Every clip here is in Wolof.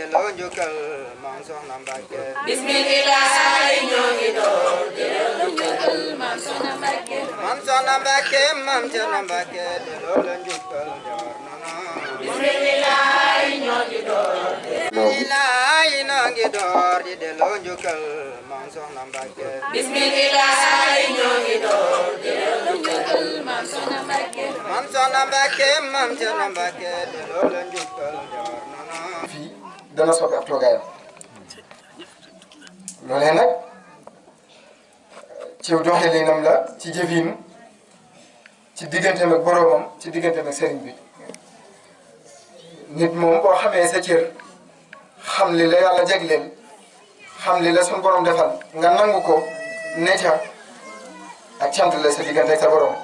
delloo njukkal maam soxna Mbàkke bismillah ñoo ngi door delloo njukkal maam soxna Mbàkke maam soxna Mbàkke maam soxna Mbàkke delloo la njukkal jaar nana bismillah ñoo ngi door bismillah ñoo ngi door di delloo njukkal maam soxna Mbàkke bismillah ñoo ngi door delloo njukkal maam soxna Mbàkke maam soxna Mbàkke maam soxna Mbàkke delloo la njukkal jaar dana soppi ab toogaayam loolee nag ci doxalinam la ci jëfin ci digganteem ak boroomam ci digganteem ak sëriñ bi nit moom boo xamee sa cër xam li la yàlla jagleel xam li la suñu borom defal nga nangu ko ne ak cant la sa diggante ak sa borom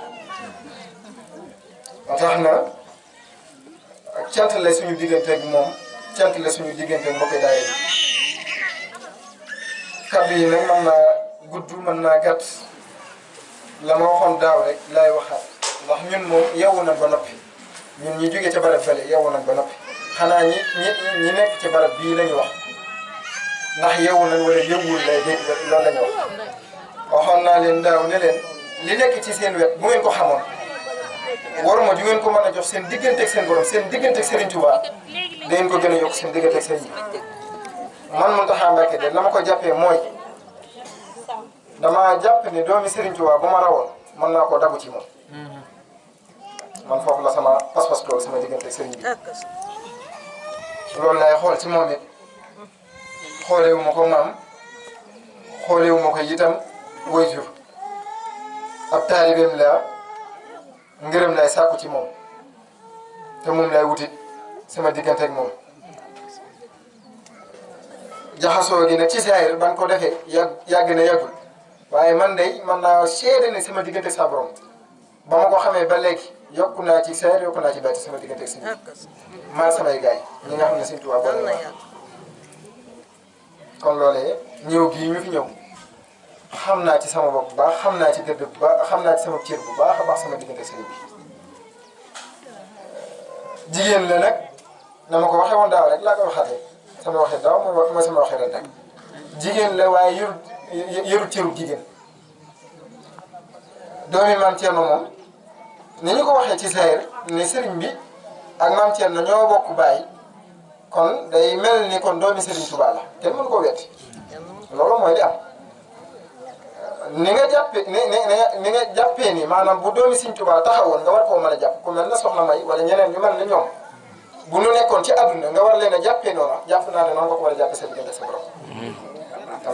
tax na ak cant la suñu diggante ak moom. cant la suñu diggante mbokki daara bi kàddu yi nag mën naa gudd mën naa gat la ma waxoon daaw rek laay waxaat ndax ñun moom yeewu ba noppi ñun ñi jóge ca barab fële yeewu nañ ba noppi xanaa ñi ñi ñi nekk ci barab bii la wax ndax yeewu nañ wala yeewul lay dégg loolu la ñu wax waxoon naa leen daaw ne leen li nekk ci seen wet bu ngeen ko xamoon. war ma ju ngeen ko mën a jox seen diggante ak seen borom seen diggante ak Serigne Touba dangeen ko gën a yokk seen diggante ak Serigne bi man Mountakha Mbacké de na ma ko jàppee mooy dama jàpp ni doomi Serigne Touba bu ma woon mën naa koo dabu ci man foofu la sama pas-pas sama diggante ak Serigne loolu laay xool ci moom it xoolee wu ma ko maam xoolee wu ma ko itam woy jur ab taalibeem laa ngërëm naay saaku ci moom te moom lay wutit sama diggante ak moom jaxasoo gi nag ci saayir ban ko defee yàgg yàgg na yàggul waaye man de man naa seede ne sama diggante sa ba ma ko xamee ba léegi yokku naa ci saayir yokku naa ci bàyyi sama diggante ak si maa samay gaay ñi nga xam ne Sëñ Tuubaa bon kon loolee ñëw gii ñu fi ñëw xam naa ci sama bopp bu baax xam naa ci gëdd baax xam naa ci sama cër bu baax a baax sama diggante sëriñ bi euh, jigéen la nag na ma ko waxee woon daal rek laa ko waxaatee sama waxi daaw mooy mooy sama waxi ren la waaye yoru yoru jigéen doomi maam Thierno moom ni ñu ko waxee ci sayir ne sëriñ bi ak maam na ñoo bokk bàyyi kon day mel ni kon doomi sëriñ Tuubaa la kenn koo ko wetti loolu mooy li am. ni nga jàppee ni ni ni nga jàppee ni maanaam bu doomi Sëriñ Tuubaa taxawoon nga war koo mën a jàpp ku mel na soxna wala ñeneen ñu mel ne ñoom bu nu nekkoon ci àdduna nga war leen a jàppee noonu jàpp naa ne noonu a jàppee sa diggante sa kon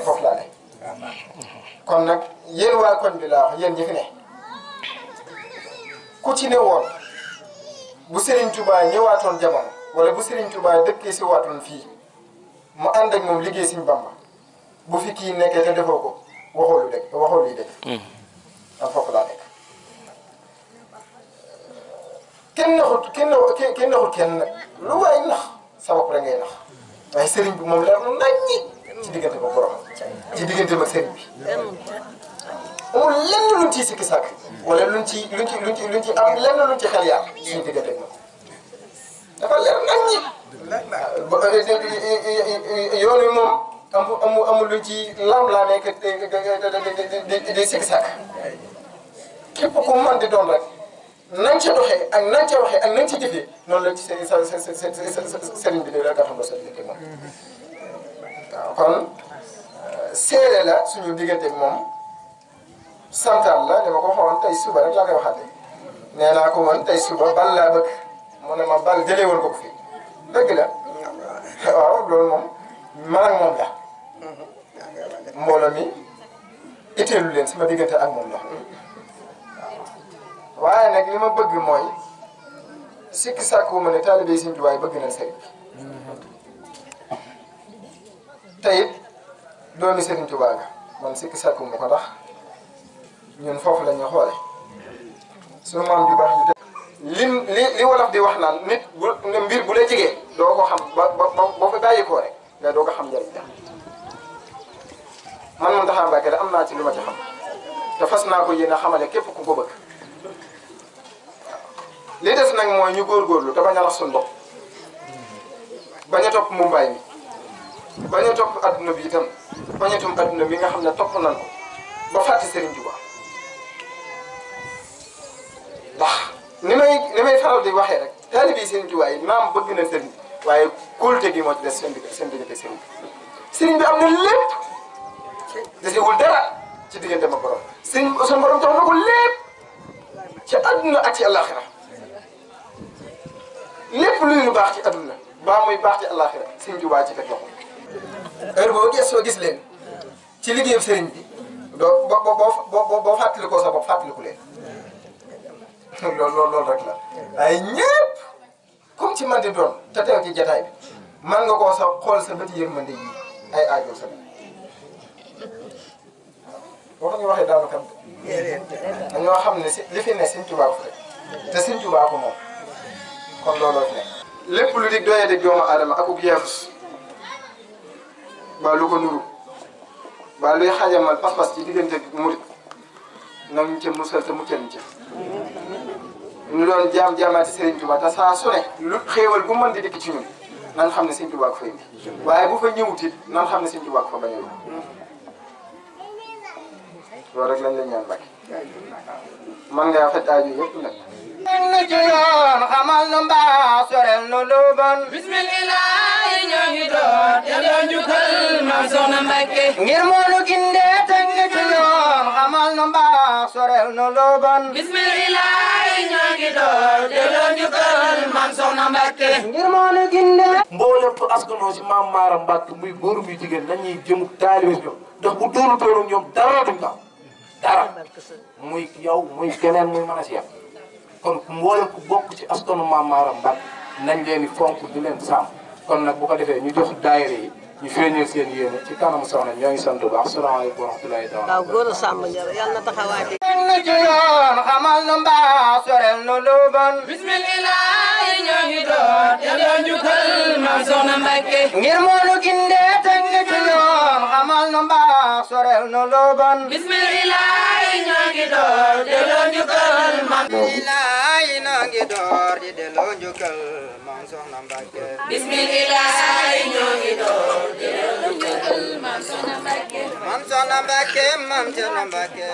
foofu laa ne. kon nag yéen waa koñ bi laa wax yéen ñi fi ne ku ci ne woon bu Serigne Touba ñëwaatoon jamono wala bu Serigne Touba dëkkee si waatoon fii mu ànd ak moom liggéey Sëriñ Bamba bu fi kii nekkee te defoo ko. waxoo lu dëgg waxoo lii dëgg. man foofu laa nekk. kenn naxut kenn naxut kenn kenn naxut kenn lu waay nax sa bopp rek nax waaye sëriñ bi moom leer na naññi ci diggante ba borom ci diggante ba sëriñ bi. amul lenn luñ ciy sikki sàkk ci luñ ciy luñ ciy luñ ciy luñ ci xel yaa suñu diggante ak moom dafa leer naññi. Eh, eh, eh, yoon moom. amul amul amul luñ ci lam laa nekk di di di sikki sàkk képp ku mën di doon rek nañ ca doxee ak nañ ca waxee ak nañ ca jëfee noonu la ci seen sëriñ bi di la gàttal ba sa diggante moom waaw kon euh, seere la suñu diggante moom santal la dama ko waxoon tey suba rek laa koy waxaatee nee naa ko woon tey suba bal laa bëgg mu ne ma bal jëlee woon ko ko fii dëgg la waaw loolu moom man moom la. mbooloo mi itteelu leen sama diggante ak moom la waaw waaye nag li ma bëgg mooy sikki sàkku ma ne taalibe yi Sëñ bëgg nañ sëriñ bi te it doomi Sëriñ Tuubaa man sikki sàkku ma ko ndax ñun foofu la ñuy xoole sunu maam ju baax ju li li li wolof di wax naan nit mbir bu la jigee doo ko xam ba ba ba fa bàyyi ko rek nga doo ko naa ci li ma ci xam naa ko yéen a ne képp ku ko bëgg li des nag mooy ñu góorgóorlu te bañ a rax suñu bopp bañ a topp mumbaay mi bañ a topp adduna bi itam bañ a topp adduna bi nga xam ne topp nan ba fàtte Serigne Touba ndax ni may ni may faral di waxee rek taalibe yi Serigne yi naam bëgg na Serigne waaye kóolute gi moo des seen bi am na lépp. desewul dara ci diggante ma borom sëñ son borom jox lépp ci adduna ak ci àllaaxira lépp luy lu baax ci adduna baa muy baax ci àllaaxira sëñ Tuubaa ci fekk na ko heure boo gis soo gis leen ci liggéeyam sëriñ bi doo boo boo sa bopp fàttaliku leen loolu loolu loolu rek la waaye ñëpp comme ci man doon te teew ci jataay bi man nga koo sa xool sa bët yërmande yi ay aajo sa waxuñu waxi daanaka dañoo xam ne si li ne Sëñ Tuubaa ko rek te Sëñ Tuubaa ko moom kon looloo fi ne lépp lu dig doyee di doomu aadama akuk yeefus ba lu ko nuru ba luy xajamal pas-pas ci diggante murit nag ñu ca musal te muccal ñu ca ñu doon jaam jaamaati Sëriñ Tuubaa te saa su lu xéewal bu mën di dikk ci ñun nañ xam ne Sëñ Tuubaa fa indi waaye bu fa ñëwut it nañ xam loolu rek lañ la ñaan Mbacke man ngaa faj aaju yëpp nag ñun ñu ci yoon xamal nu mbaa sorel nu lu bon bismillah ñoo ngi doon te doon ñu kër maam soxna Mbacke ngir moo nu gindee te ñu ci yoon xamal nu mbaa sorel nu lu bon bismillah ñoo ngi doon te doon ñu kër maam soxna Mbacke ngir moo nu gindee mboolem ku askanoo si maam Maara Mbacke muy góor muy jigéen nañuy jëm taalibe ñoom ndax bu dóoru toolu ñoom dara duñ ko dara muy yow muy keneen muy mën a kon mboolem ku bokk ci askanu Maam Maaram Mbàkke nañ leen di fonk di leen sàmm kon nag bu ko defee ñu jox daayira yi ñu feeñee seen yéene ci kanam soxna ñoo ngi sant bu baax salaamaaleykum wa rahmatulahi taala. waaw góor a sàmm Ndiaye yal na taxawaay. ñu ci yoon xamal nu mbaa sorel nu lu bon. bismillah ñoo ngi doon delloo njukkal maam soxna Mbacke. ngir moo nu gindee teg ñu ci yoon xamal nu mbaa sorel nu lu bon. bismillah ñoo ngi doon delloo njukkal maam. bismillah ñoo ngi doon di delloo njukkal. bismillahi ñoo ngi door di loolu njukkal maam Soxna Mbakke maam Soxna Mbakke maam Soxna Mbakke